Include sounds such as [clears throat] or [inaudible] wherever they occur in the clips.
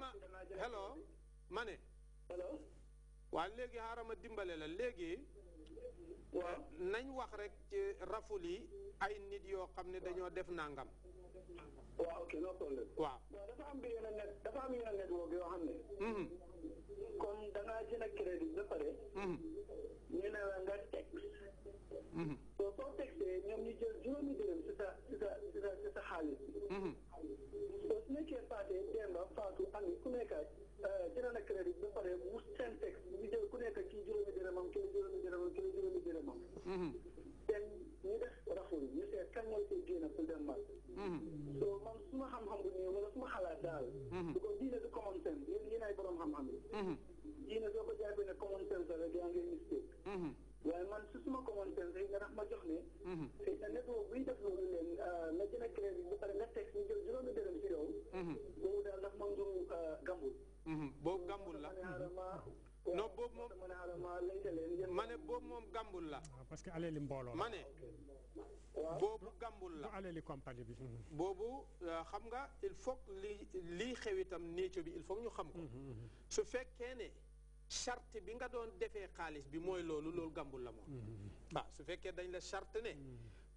kaay ma hello ma ne. hello. waa léegi xaaral ma dimbale la léegi. waaw nañ wax rek ci raful yi ay nit yoo xam ne dañoo def nangam. waaw waaw dafa am yenn net dafa am yenn network yoo xam ne. comme mhm. da ngaa jënd crédit ba pare. Mhm. ñu ne la nga teg. daal mhm. du ko diine du common sense yéen yéen ay borom xam-xam yi mhm. diine soo ko jàppee ne common a la yaa ngi mistake mhm. waaye man su common sense yi nga ma jox ne xëy def loolu leen na jënd clair bu pare nga teg ñu jël juróomi dërëm ci yow boobu daal daf ma njuru gambul boobu gambul la non boobu moom ma ne boobu moom gambul la ah, parce que alali mbooloo ma ne boobu gàmbul la alali compagnie bi mm-hmm. boobu euh, xam nga il faut li lii xew itam nature bi il faut ñu xam ko mm-hmm, mm-hmm. su fekkee ne charte bi nga doon defee xaalis bi mooy loolu loolu gambul la moom su fekkee dañ la charte ne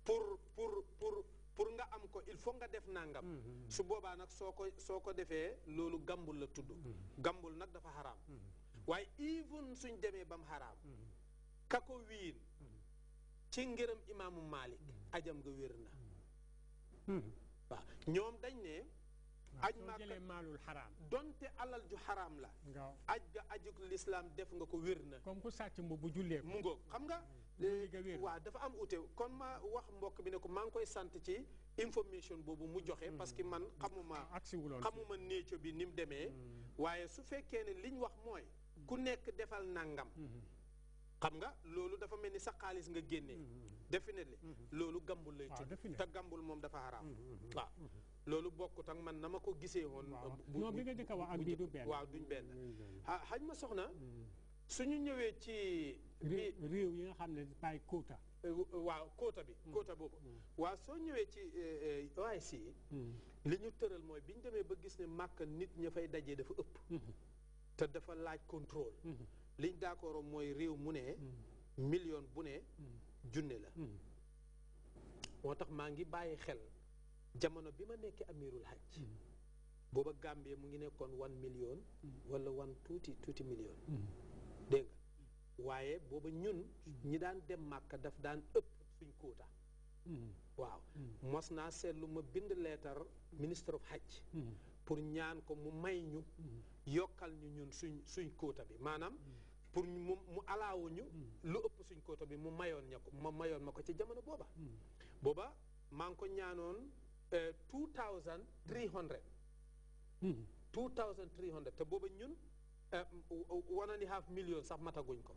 pour pour pour pour nga am ko il faut nga def nangam su boobaa nag soo ko soo ko defee loolu gambul la tudd gambul nag dafa xaraam waaye even suñ demee bam xaraam ka ko wiin ci ngërëm imaamu Malik ajam nga wér na hmm. waaw ñoom dañ ne aj màkka maalul xaraam donte alal ju xaraam la aj ga ajug lislaam def nga ko wér na comme ku sàcc mbu bu jullee mu ngoog xam nga eh, waaw dafa am ute kon ma wax mbokk bi ne ko maa ngi koy sant ci information boobu mu joxe hmm. parce que man xamuma ah, xamuma néeco bi ni mu demee hmm. waaye su fekkee ne liñ wax mooy ku nekk defal nangam xam nga loolu dafa mel ni sa xaalis nga génnee mm-hmm. definitely mm-hmm. loolu gambul lay ah, tudd te gambul moom dafa xaraam mm-hmm. waaw loolu bokkut ak man na ma ko gisee woon non bi nga njëkk a ak bii du waaw duñ benn xaj ma soxna ñu ñëwee ci réew yi nga xam ne bàyyi quota eh, eh, waaw quota bi quota boobu waa soo ñëwee ci eh, OIC li ñu tëral mooy bi ñu demee ba gis ne màkk nit ña fay dajee dafa ëpp te dafa laaj contrôle liñ d'accord mooy réew mu ne hmm. million bu ne hmm. junne la hmm. moo tax maa ngi bàyyi xel jamono bi ma nekkee amirul hajj booba gàmbee mu ngi nekkoon one million walla wan tuuti tuuti million dégg nga waaye booba ñun ñi daan dem Màkka daf daan ëpp suñ kóota waaw mos naa lu ma bind leetar ministre of hajj pour ñaan ko mu may ñu yokkal ñu ñun suñ suñ kóota bi maanaam pour mu mu alaawu lu ëpp suñ koota bi mu mayoon ña ko ma mayoon ma ko ci jamono booba hmm. booba maa ngi ko ñaanoon eh, two thousand three hundred hmm. two thousand three hundred te booba ñun eh, one and a half million sax mataguñ ko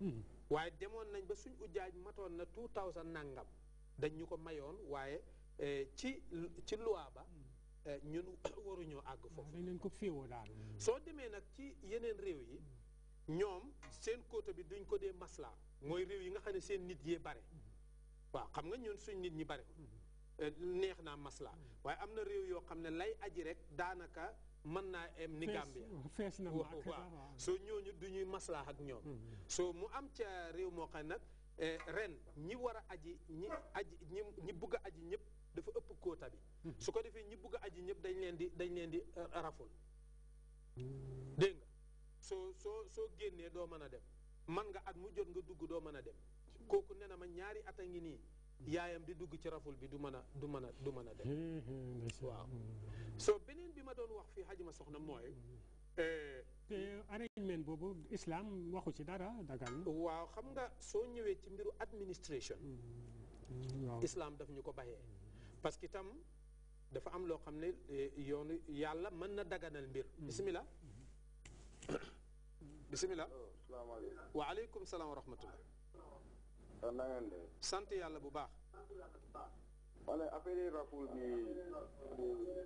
hmm. waaye demoon nañ ba suñ ujaaj matoon na two thousand nangam dañ ñu ko mayoon waaye eh, ci ci loi ba ñun [coughs] waruñoo àgg foofu soo demee nag ci yeneen réew yi ñoom seen kóoto bi duñ ko dee maslaa mooy réew yi nga xam ne seen nit yee bare waaw xam nga ñun suñ nit ñi bare mm-hmm. eh, neex naa maslaa waaye am na réew yoo xam ne lay aji rek daanaka mën naa em ni Gambia waaw soo ñooñu duñuy ñuy maslaa ak ñoom mm-hmm. soo mu am ca réew moo xam nag eh, ren ñi war a aji ñi aji ñi ñi bugg a aji ñëpp dafa ëpp kóota bi mm-hmm. su ko defee ñi bugg a aji ñëpp dañ leen di dañ leen di eh, raful dégg nga So, so, so génnee doo mën dem man nga at mu jot nga dugg dem Kokunena manyari atengini? ma ñaari at a ngi nii yaayam di dugg ci raful bi du mën du mën du dem waaw So, beneen bi ma doon wax fii xajma soxna mooy eh, arrangement islam waxu ci dara dagal waaw xam nga ci mbiru administration islam daf ñu ko baxee parce que itam dafa am loo xam ne eh, yoonu daganal mbir mm-hmm. bismillah mm-hmm. bisimilah. Oh, waaleykum salaam wa rahmatulah. sant yàlla bu baax. wala affaire rafoul bi euh,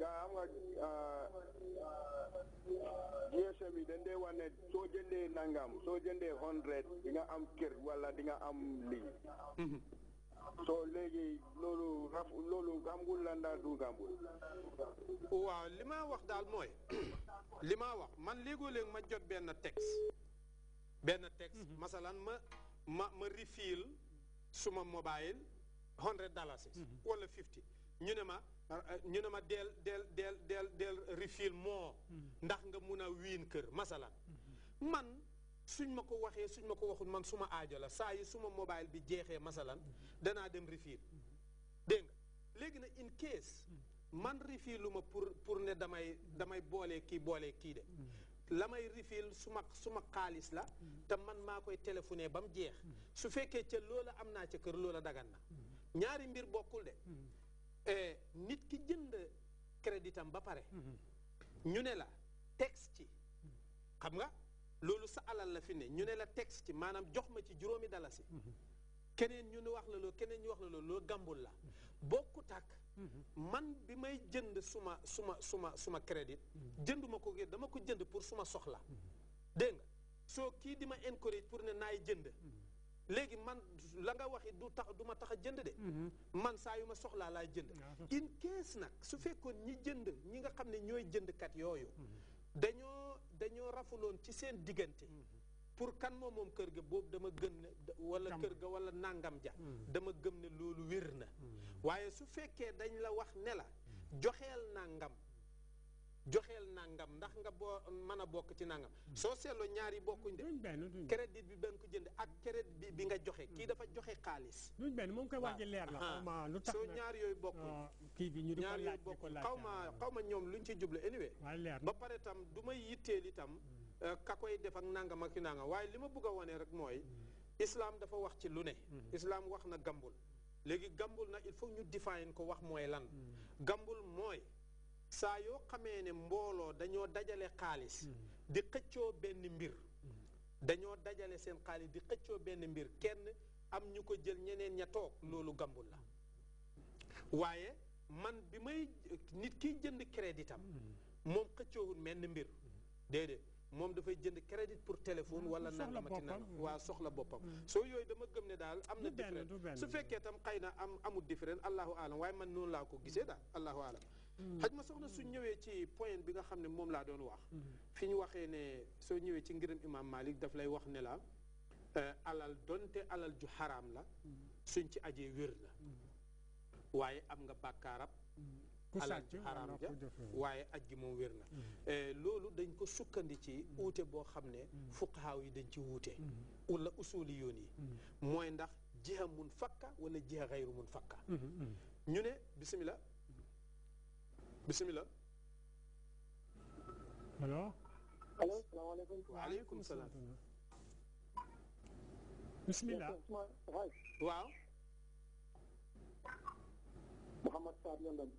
gaa am nga euh, GSM yi dañ dee soo jëndee nangam soo jëndee hundred di nga am kër wala di nga am lii. Mhm. so léegi loolu loolu gàmbul lan daal waaw li ma wax daal mooy [clears throat] li ma wax man léegoo-léeg ma jot benn texte benn texte mhm. masalan ma ma ma refill suma mobile hundred dollars mhm. wala fifty ñu ne ma ñu ne ma del del del del del refill moo mhm. ndax nga mun a wiin kër masalan man suñ ma ko waxee suñ ma ko waxul man suma aajo la saa yi suma mobile bi jeexee masalan danaa dem refiir dégg nga léegi na in case man refiir lu ma pour pour ne damay damay boolee kii boolee kii de la may refiil suma suma xaalis la te man maa koy téléphoné ba mu jeex su fekkee ca loolu am naa ca kër loola dagan na ñaari mbir bokkul de eh, nit ki jënd créditam ba pare mm-hmm. ñu ne la texte ci xam nga loolu sa alal la fi ne ñu ne la texte ci maanaam jox ma ci juróomi dalasi keneen ñu ne wax la loolu keneen ñu wax la loolu loolu gàmbul la bokkut ak man bi may jënd suma suma suma suma crédit jënduma ko dama ko jënd pour suma soxla dégg nga soo kii di ma encourage pour ne naay jënd léegi man la nga waxi du tax du ma tax a jënd de man saa yu ma soxlaa laay jënd mm-hmm. in case nag su fekkoon ñi jënd ñi nga xam ne ñooy jëndkat yooyu dañoo dañoo rafuloon ci seen diggante mm-hmm. pour kan moo moom kër ga boobu dama gëm ne wala kër ga wala nàngam ja mm-hmm. dama gëm ne loolu wér na mm-hmm. su fekkee dañ la wax ne la joxeel nàngam joxeel nangam ndax nga boo mën a bokk ci nangam soo seetloo ñaar yi bokkuñ de crédit bi benn ko jënd ak crédit bi bi nga joxe kii dafa joxe xaalis duñ benn moom koy waaj leer la xaw lu tax soo ñaar yooyu bokkuñ ah, kii bi ñu di ko laaj di ko laaj xaw ma xaw ma ñoom luñ ci juble anyway ba pare tam du may yitteel itam mm. euh, ka koy def ak nangam ak nangam waaye li ma bugg a wone rek mooy mm. islam dafa wax ci lu ne mm-hmm. islaam wax na gambul léegi gambul na il faut ñu define ko wax mooy lan mm. gambul mooy saa yoo xamee ne mbooloo dañoo dajale xaalis hmm. di xëccoo benn mbir hmm. dañoo dajale seen xaalis di xëccoo benn mbir kenn am ñu ko jël ñeneen ña toog loolu gambul la waaye man bi may nit kiy jënd crédit am hmm. moom xëccoowul menn mbir déedéet moom dafay jënd crédit pour téléphone wala nangamati na waa soxla boppam soo yooyu dama gëm ne daal am na différent su fekkee tam xëy na am amul différent allahu alam waaye man noonu laa ko gisee daal allahu alam Mm. xaj ma soxna suñ ñëwee ci point bi nga xam ne moom laa doon wax mm. fi ñu waxee ne soo ñëwee ci ngërëm imam malik daf lay wax ne la euh, alal donte alal ju xaraam la mm. suñ ci ajee wér na waaye am nga bàkkaarab alal ju xaraam ja waaye aj gi moom wér na euh, loolu dañ ko sukkandi ci uute boo xam ne fuqahaaw yi dañ ci wuute wala usuli yoon yi mooy ndax jiha mun fakka wala jiha xayru mun fakka mm-hmm, mm-hmm. ñu ne bisimilah بسم الله الو الو السلام عليكم وعليكم السلام بسم الله واو محمد سعد لندن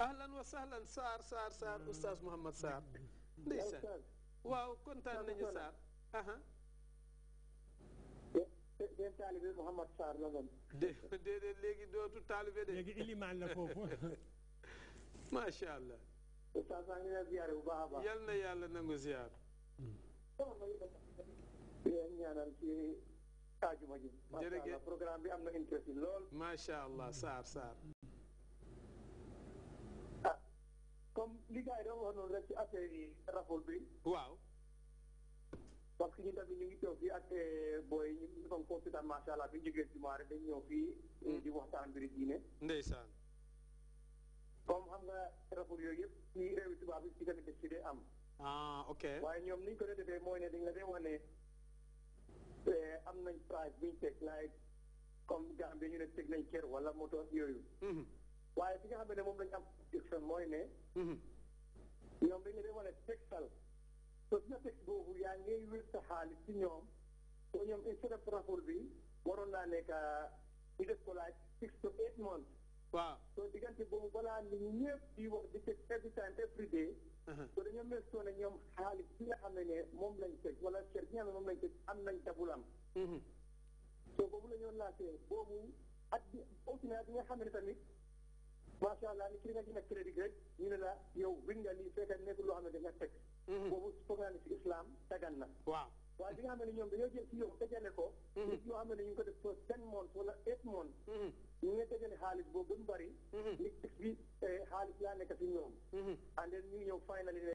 اهلا وسهلا سار سار سار استاذ محمد سار ليس واو كنت نجي سار اها دين طالب محمد سار لندن دي دي ليغي دوتو طالب دي ليغي علي مان لا فوفو macha allah. oustaz maa ngi lay ziare bu baax a baax. yal na yàlla nangu ziar. yéen ñaanal ci ji. jërëjëf bi am na interest lool. macha allah saar saar. ah comme li gars yi doon wax noonu rek ci affaire yi rapport bi. waaw. parce que ñun tamit ñu ngi toog fii ak eh, booy ñu ngi ko consultant macha allah bi ñu jógee jumaa rek dañu ñëw fii. Eh, di waxtaan mbiri diine. comme xam nga rapport yooyu yëpp ci réewi tubaab yi ci def ci dee am. ah ok waaye ñoom ni ñu ko doon defee mooy ne dañ la dee wane eh, am nañ price bi ñu teg like comme Gambie ñu ne teg nañ kër wala moto yooyu. Mm-hmm. waaye fi nga xam ne moom lañ am production mooy ne. Mm-hmm. ñoom dañ la dee wane texal so si na teg boobu yaa ngi wér sa xaalis ci ñoom soo ñoom instead rapport bi waroon naa nekk ah, ñu def ko like six to eight months. waaw soo diggante boobu balaa nit ñëpp di wax di teg every time every day uh-huh. so dañoo mel soo ne ñoom xaalis bi nga xam ne ne moom lañ teg wala cher bi nga xam ne moom lañ teg am nañ tabul am uh-huh. soo boobu la ñoo boobu at bi ausinaa bi nga xam ne tamit macha allah ni ki nga jënd crédit rek ñu ne la yow win nga lii fekk nekkul loo xam ne da nga teg uh-huh. boobu foog naa ne si islam dagan na waaw waaye bi nga xam ne ñoom dañoo jël si yow ten months wala eight months ñu ngi dajale xaalis boobu ba mu bëri. Mhm. nit bi eh, xaalis laa nekk si ñoom. Mhm. and then ñu ñëw final